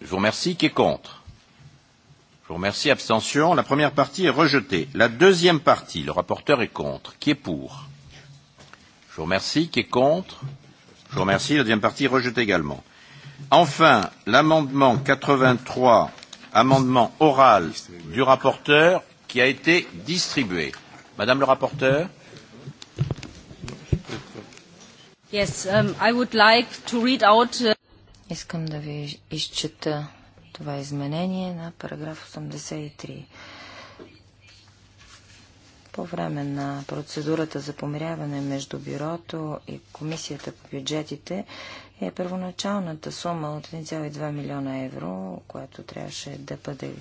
Je vous remercie. Qui est contre Je vous remercie. Abstention. La première partie est rejetée. La deuxième partie, le rapporteur est contre. Qui est pour Je vous remercie. Qui est contre Je vous remercie. La deuxième partie est rejetée également. Enfin, l'amendement 83, amendement oral du rapporteur qui a été distribué. Madame le rapporteur. Yes, um, I would like to read out, uh... Искам да ви изчета това изменение на параграф 83. По време на процедурата за помиряване между бюрото и комисията по бюджетите е първоначалната сума от 1,2 милиона евро, която трябваше да бъде е,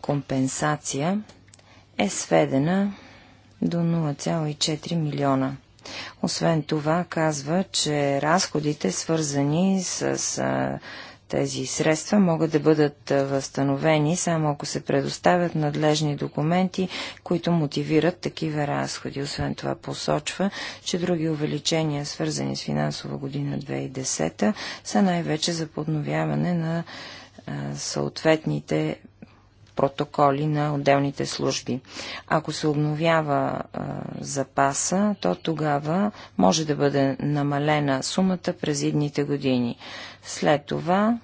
компенсация, е сведена до 0,4 милиона. Освен това, казва, че разходите, свързани с е, тези средства могат да бъдат възстановени само ако се предоставят надлежни документи, които мотивират такива разходи. Освен това посочва, че други увеличения, свързани с финансова година 2010, са най-вече за подновяване на съответните протоколи на отделните служби. Ако се обновява а, запаса, то тогава може да бъде намалена сумата през едните години. След това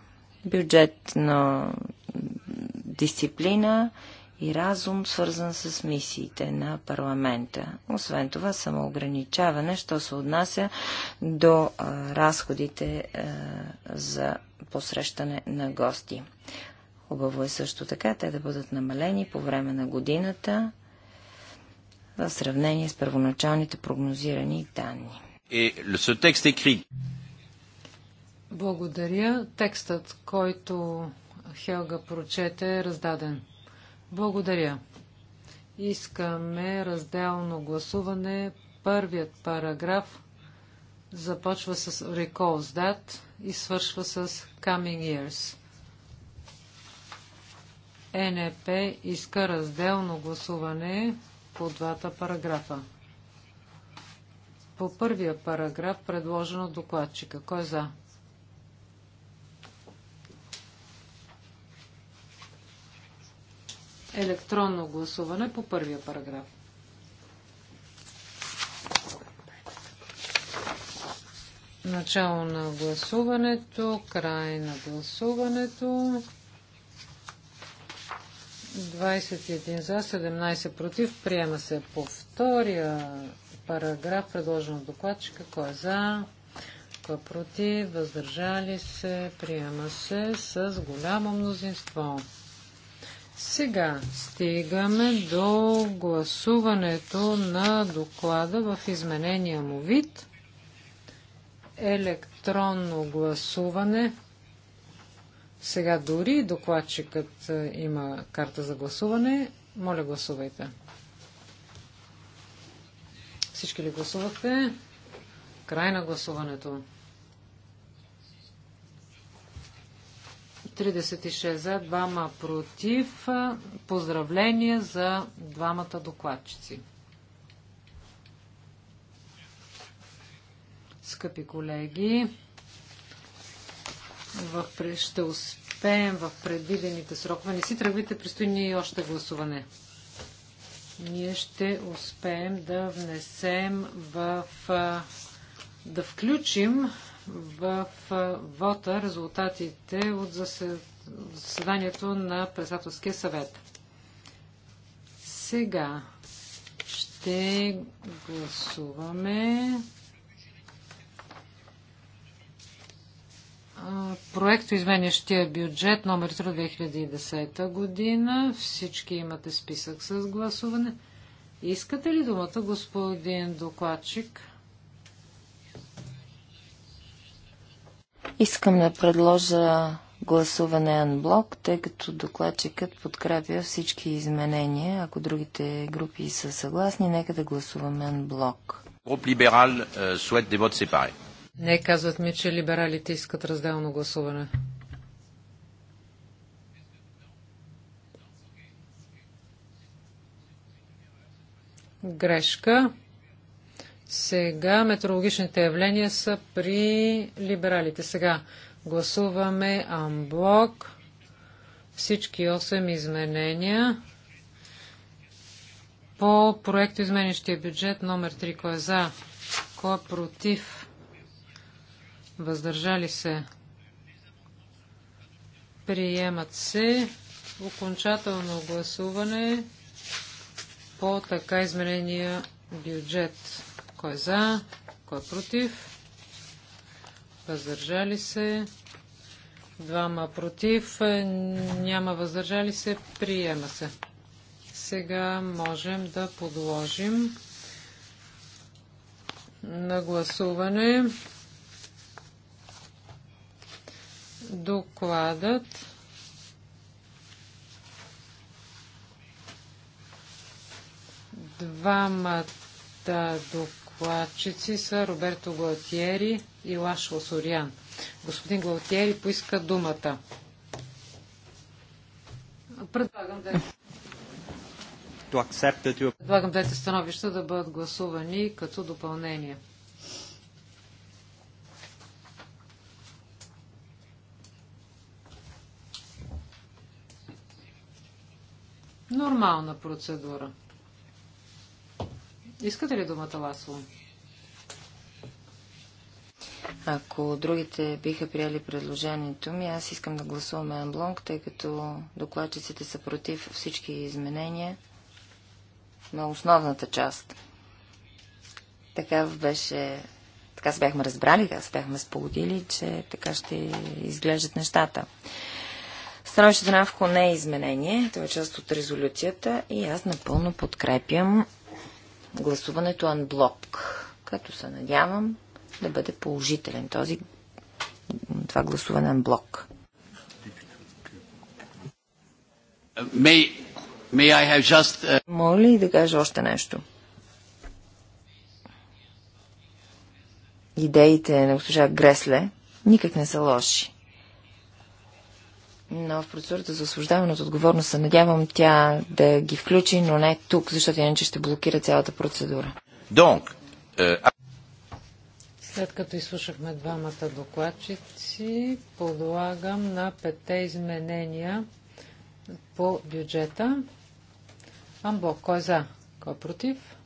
бюджет на дисциплина и разум, свързан с мисиите на парламента. Освен това, самоограничаване, що се отнася до а, разходите а, за посрещане на гости. Хубаво е също така те да бъдат намалени по време на годината в сравнение с първоначалните прогнозирани данни. Е Благодаря. Текстът, който Хелга прочете, е раздаден. Благодаря. Искаме разделно гласуване. Първият параграф започва с Recalls That и свършва с Coming Years. НП иска разделно гласуване по двата параграфа. По първия параграф, предложен от докладчика. Кой е за? Електронно гласуване по първия параграф. Начало на гласуването, край на гласуването. 21 за, 17 против. Приема се по втория параграф, предложен от докладчика. Кой е за? Кой е против? Въздържали се? Приема се с голямо мнозинство. Сега стигаме до гласуването на доклада в изменения му вид. Електронно гласуване. Сега дори докладчикът е, има карта за гласуване. Моля, гласувайте. Всички ли гласувахте? Край на гласуването. 36 за, 2 против. Поздравление за двамата докладчици. Скъпи колеги, в, ще успеем в предвидените срокове. Не си тръгвайте, предстои ни още гласуване. Ние ще успеем да внесем в... да включим в вота резултатите от заседанието на председателския съвет. Сега ще гласуваме проекто изменящия бюджет номер 3 2010 година. Всички имате списък с гласуване. Искате ли думата, господин докладчик? Искам да предложа гласуване анблок, тъй като докладчикът подкрепя всички изменения. Ако другите групи са съгласни, нека да гласуваме анблок. Groupe либерал, euh, souhaite des votes séparés. Не, казват ми, че либералите искат разделно гласуване. Грешка. Сега метеорологичните явления са при либералите. Сега гласуваме амблок. Всички 8 изменения по проекто изменящия бюджет номер 3. Кой е за? Кой е против? въздържали се, приемат се. Окончателно гласуване по така изменения бюджет. Кой е за, кой е против, въздържали се, двама против, няма въздържали се, приема се. Сега можем да подложим на гласуване Докладът двамата докладчици са Роберто Глатиери и Лаш Лосориан. Господин Глатиери поиска думата. Предлагам да... Предлагам двете становища да бъдат гласувани като допълнение. нормална процедура. Искате ли думата, Ласло? Ако другите биха приели предложението ми, аз искам да гласуваме анблонг, тъй като докладчиците са против всички изменения на основната част. Така беше така се бяхме разбрали, така се бяхме сполудили, че така ще изглеждат нещата. Становището на АВКО не е изменение, това е част от резолюцията и аз напълно подкрепям гласуването анблок, като се надявам да бъде положителен този това гласуване анблок. May, may just... Uh, Моля ли да кажа още нещо? Идеите на госпожа Гресле никак не са лоши но в процедурата за освобождаване от отговорност се надявам тя да ги включи, но не тук, защото иначе ще блокира цялата процедура. Donc, euh... След като изслушахме двамата докладчици, подлагам на пете изменения по бюджета. Амбо, кой е за? Кой е против?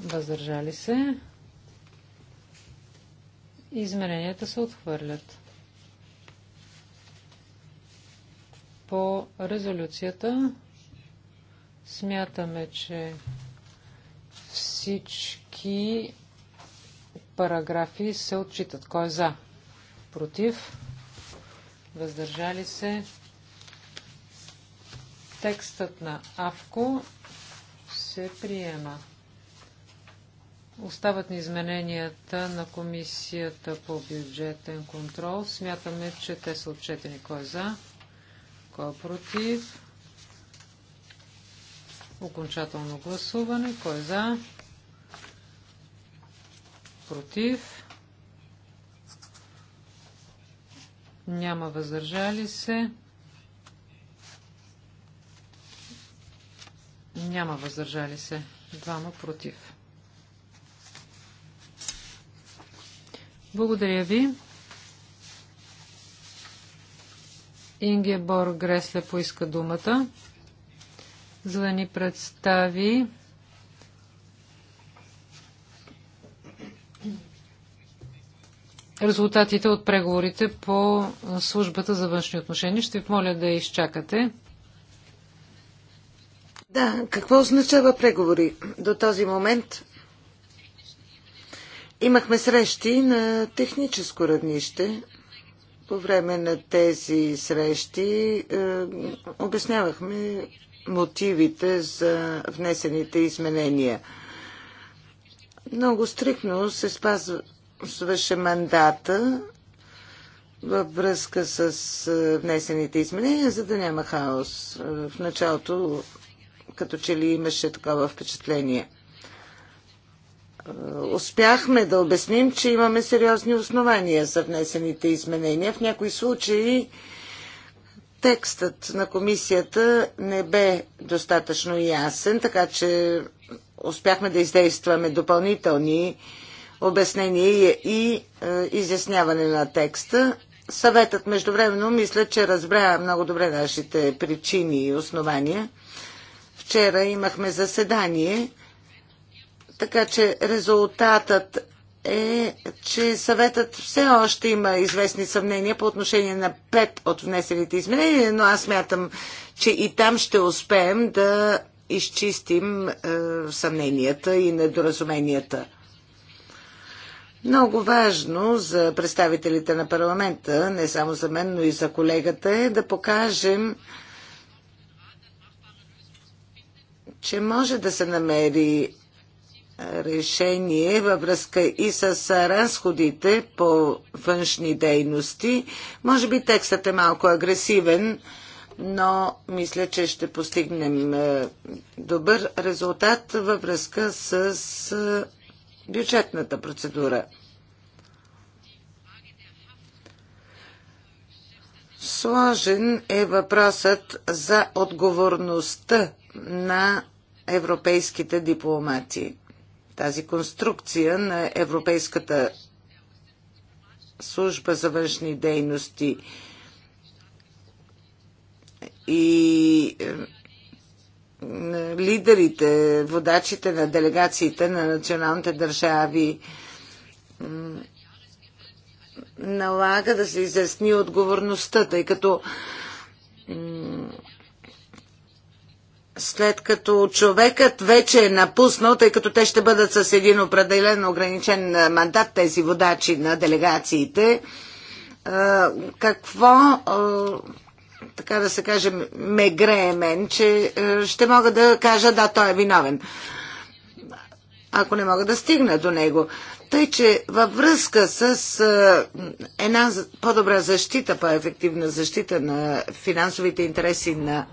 Въздържали се. Измененията се отхвърлят. по резолюцията. Смятаме, че всички параграфи се отчитат. Кой е за? Против? Въздържали се? Текстът на АВКО се приема. Остават ни измененията на Комисията по бюджетен контрол. Смятаме, че те са отчетени. Кой е за? Кой е против? Окончателно гласуване. Кой е за? Против? Няма въздържали се. Няма въздържали се. Двама против. Благодаря ви. Ингебор Гресле поиска думата, за да ни представи резултатите от преговорите по службата за външни отношения. Ще ви моля да изчакате. Да, какво означава преговори? До този момент имахме срещи на техническо равнище по време на тези срещи е, обяснявахме мотивите за внесените изменения. Много стрикно се спазваше мандата във връзка с е, внесените изменения, за да няма хаос. Е, в началото като че ли имаше такова впечатление. Е, успяхме да обясним, че имаме сериозни основания за внесените изменения. В някои случаи текстът на комисията не бе достатъчно ясен, така че успяхме да издействаме допълнителни обяснения и е, изясняване на текста. Съветът междувременно мисля, че разбра много добре нашите причини и основания. Вчера имахме заседание така че резултатът е, че съветът все още има известни съмнения по отношение на пет от внесените изменения, но аз мятам, че и там ще успеем да изчистим е, съмненията и недоразуменията. Много важно за представителите на парламента, не само за мен, но и за колегата е да покажем, че може да се намери решение във връзка и с разходите по външни дейности. Може би текстът е малко агресивен, но мисля, че ще постигнем добър резултат във връзка с бюджетната процедура. Сложен е въпросът за отговорността на европейските дипломати тази конструкция на Европейската служба за външни дейности и е, лидерите, водачите на делегациите на националните държави налага да се изясни отговорността, тъй като след като човекът вече е напуснал, тъй като те ще бъдат с един определен ограничен мандат, тези водачи на делегациите, какво, така да се каже, ме грее мен, че ще мога да кажа, да, той е виновен, ако не мога да стигна до него. Тъй, че във връзка с една по-добра защита, по-ефективна защита на финансовите интереси на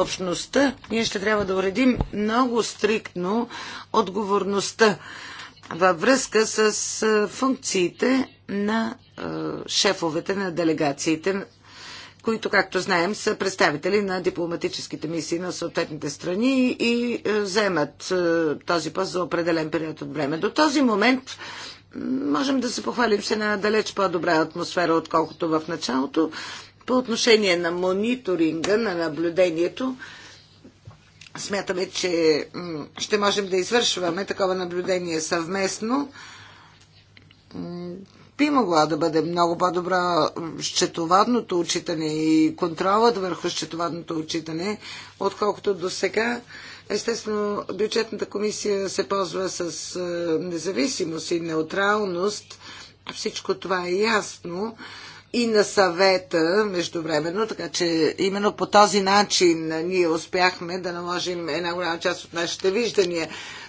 общността, ние ще трябва да уредим много стриктно отговорността във връзка с функциите на шефовете на делегациите, които, както знаем, са представители на дипломатическите мисии на съответните страни и вземат този пост за определен период от време. До този момент можем да се похвалим с една далеч по-добра атмосфера, отколкото в началото, по отношение на мониторинга, на наблюдението, смятаме, че ще можем да извършваме такова наблюдение съвместно. Би могло да бъде много по-добро счетоводното отчитане и контролът върху счетоводното отчитане, отколкото до сега. Естествено, бюджетната комисия се ползва с е, независимост и неутралност. Всичко това е ясно и на съвета междувременно, така че именно по този начин ние успяхме да наложим една голяма част от нашите виждания.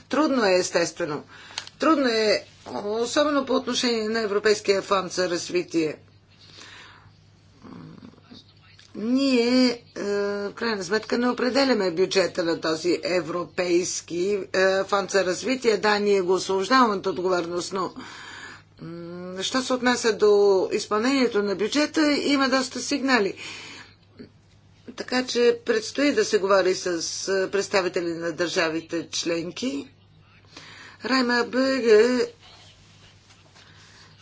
Трудно е, естествено. Трудно е, особено по отношение на Европейския фонд за развитие. Ние, е, в крайна сметка, не определяме бюджета на този Европейски е, фонд за развитие. Да, ние го освобождаваме от отговорност, но Що се отнася до изпълнението на бюджета, има доста сигнали. Така че предстои да се говори с представители на държавите членки. Райма Бъге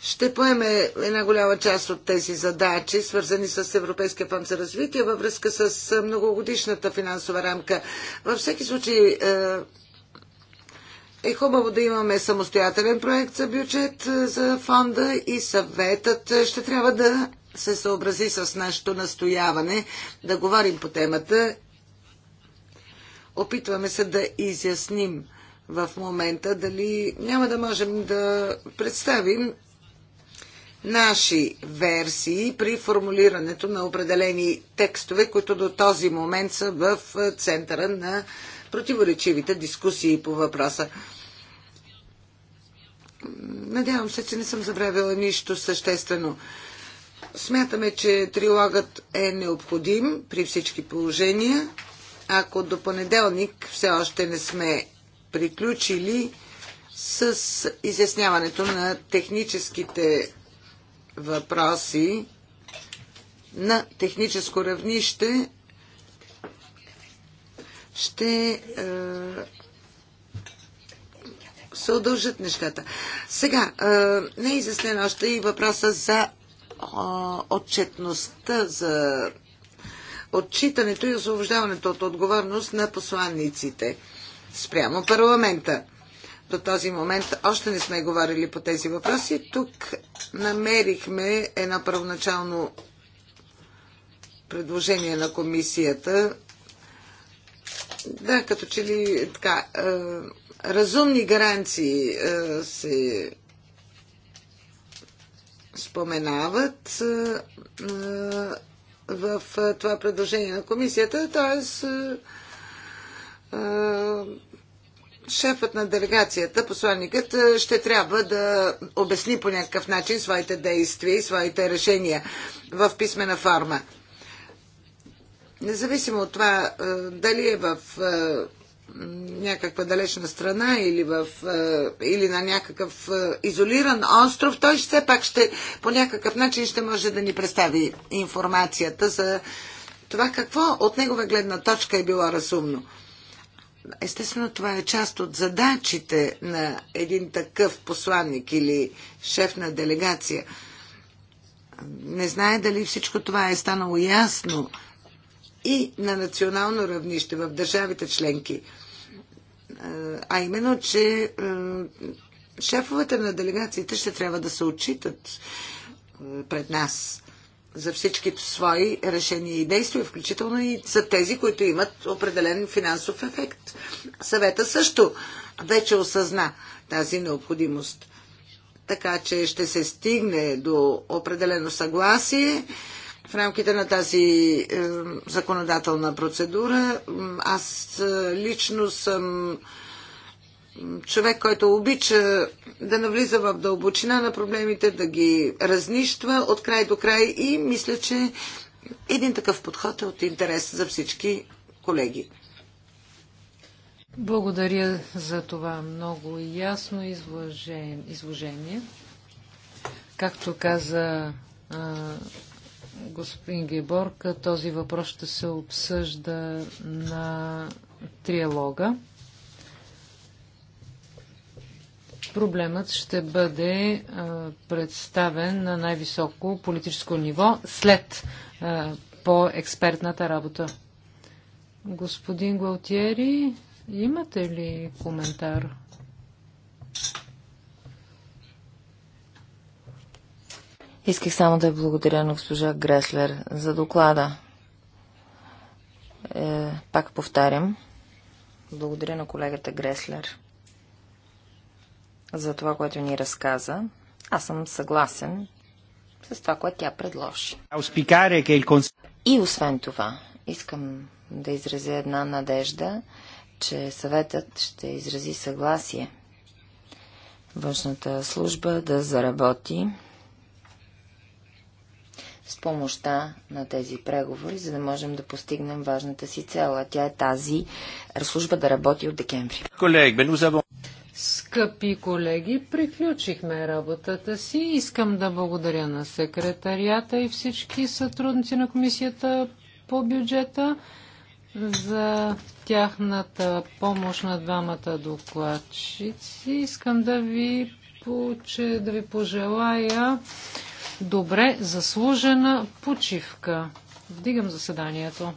ще поеме една голяма част от тези задачи, свързани с Европейския фонд за развитие във връзка с многогодишната финансова рамка. Във всеки случай е хубаво да имаме самостоятелен проект за бюджет е, за фонда и съветът е, ще трябва да се съобрази с нашето настояване да говорим по темата. Опитваме се да изясним в момента дали няма да можем да представим наши версии при формулирането на определени текстове, които до този момент са в е, центъра на противоречивите дискусии по въпроса. Надявам се, че не съм забравила нищо съществено. Смятаме, че трилогът е необходим при всички положения. Ако до понеделник все още не сме приключили с изясняването на техническите въпроси на техническо равнище, ще е, се удължат нещата. Сега, не е изяснен още и въпроса за отчетността, за отчитането и освобождаването от отговорност на посланниците спрямо парламента. До този момент още не сме говорили по тези въпроси. Тук намерихме едно първоначално предложение на комисията. Да, като че ли така разумни гаранции е, се споменават е, е, в това предложение на комисията, т.е. шефът на делегацията, посланникът, ще трябва да обясни по някакъв начин своите действия и своите решения в писмена форма. Независимо от това дали е в някаква далечна страна или, в, е, или на някакъв е, изолиран остров, той все пак ще по някакъв начин ще може да ни представи информацията за това какво от негова гледна точка е било разумно. Естествено, това е част от задачите на един такъв посланник или шеф на делегация. Не знае дали всичко това е станало ясно и на национално равнище в държавите членки а именно, че шефовете на делегациите ще трябва да се отчитат пред нас за всички свои решения и действия, включително и за тези, които имат определен финансов ефект. Съвета също вече осъзна тази необходимост. Така че ще се стигне до определено съгласие в рамките на тази е, законодателна процедура. Аз е, лично съм човек, който обича да навлиза в дълбочина на проблемите, да ги разнищва от край до край и мисля, че един такъв подход е от интерес за всички колеги. Благодаря за това много ясно изложение. Както каза господин Геборг, този въпрос ще се обсъжда на триалога. Проблемът ще бъде представен на най-високо политическо ниво след по-експертната работа. Господин Галтиери, имате ли коментар? Исках само да е благодаря на госпожа Греслер за доклада. Е, пак повтарям. Благодаря на колегата Греслер за това, което ни разказа. Аз съм съгласен с това, което тя предложи. И освен това, искам да изразя една надежда, че съветът ще изрази съгласие външната служба да заработи с помощта на тези преговори, за да можем да постигнем важната си цел, а тя е тази служба да работи от декември. Колег, Скъпи колеги, приключихме работата си. Искам да благодаря на секретарията и всички сътрудници на комисията по бюджета за тяхната помощ на двамата докладчици. Искам да ви, да ви пожелая добре заслужена почивка. Вдигам заседанието.